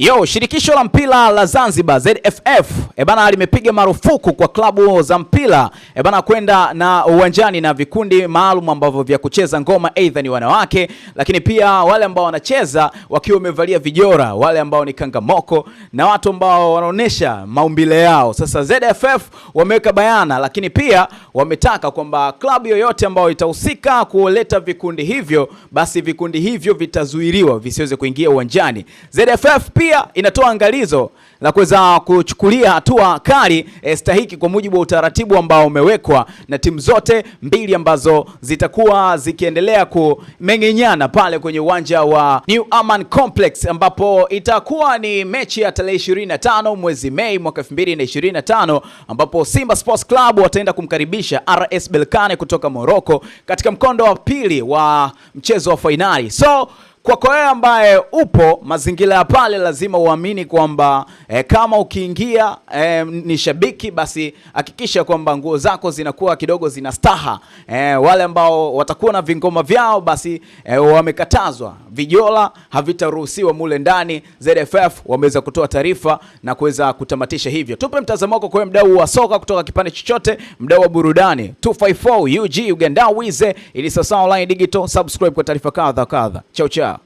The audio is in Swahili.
Yo, shirikisho la mpira la Zanzibar ZFF ebana limepiga marufuku kwa klabu za mpira ebana kwenda na uwanjani na vikundi maalum ambavyo vya kucheza ngoma aidha ni wanawake, lakini pia wale ambao wanacheza wakiwa wamevalia vijora, wale ambao ni kangamoko na watu ambao wanaonesha maumbile yao. Sasa ZFF wameweka bayana, lakini pia wametaka kwamba klabu yoyote ambayo itahusika kuleta vikundi hivyo, basi vikundi hivyo vitazuiliwa visiweze kuingia uwanjani. ZFF pia pia inatoa angalizo la kuweza kuchukulia hatua kali e, stahiki kwa mujibu wa utaratibu ambao umewekwa na timu zote mbili ambazo zitakuwa zikiendelea kumeng'enyana pale kwenye uwanja wa New Aman Complex ambapo itakuwa ni mechi ya tarehe 25 mwezi Mei mwaka 2025 ambapo Simba Sports Club wataenda kumkaribisha RS Berkane kutoka Morocco katika mkondo wa pili wa mchezo wa fainali so kwako wewe ambaye upo mazingira ya pale, lazima uamini kwamba e, kama ukiingia e, ni shabiki basi hakikisha kwamba nguo zako zinakuwa kidogo zina staha e, wale ambao watakuwa na vingoma vyao basi e, wamekatazwa, vijola havitaruhusiwa mule ndani. ZFF wameweza kutoa taarifa na kuweza kutamatisha hivyo. Tupe mtazamo wako kwa mdau wa soka kutoka kipande chochote, mdau wa burudani 254 UG Uganda Wize ili sasa online digital subscribe kwa taarifa kadha kadha. Chao chao.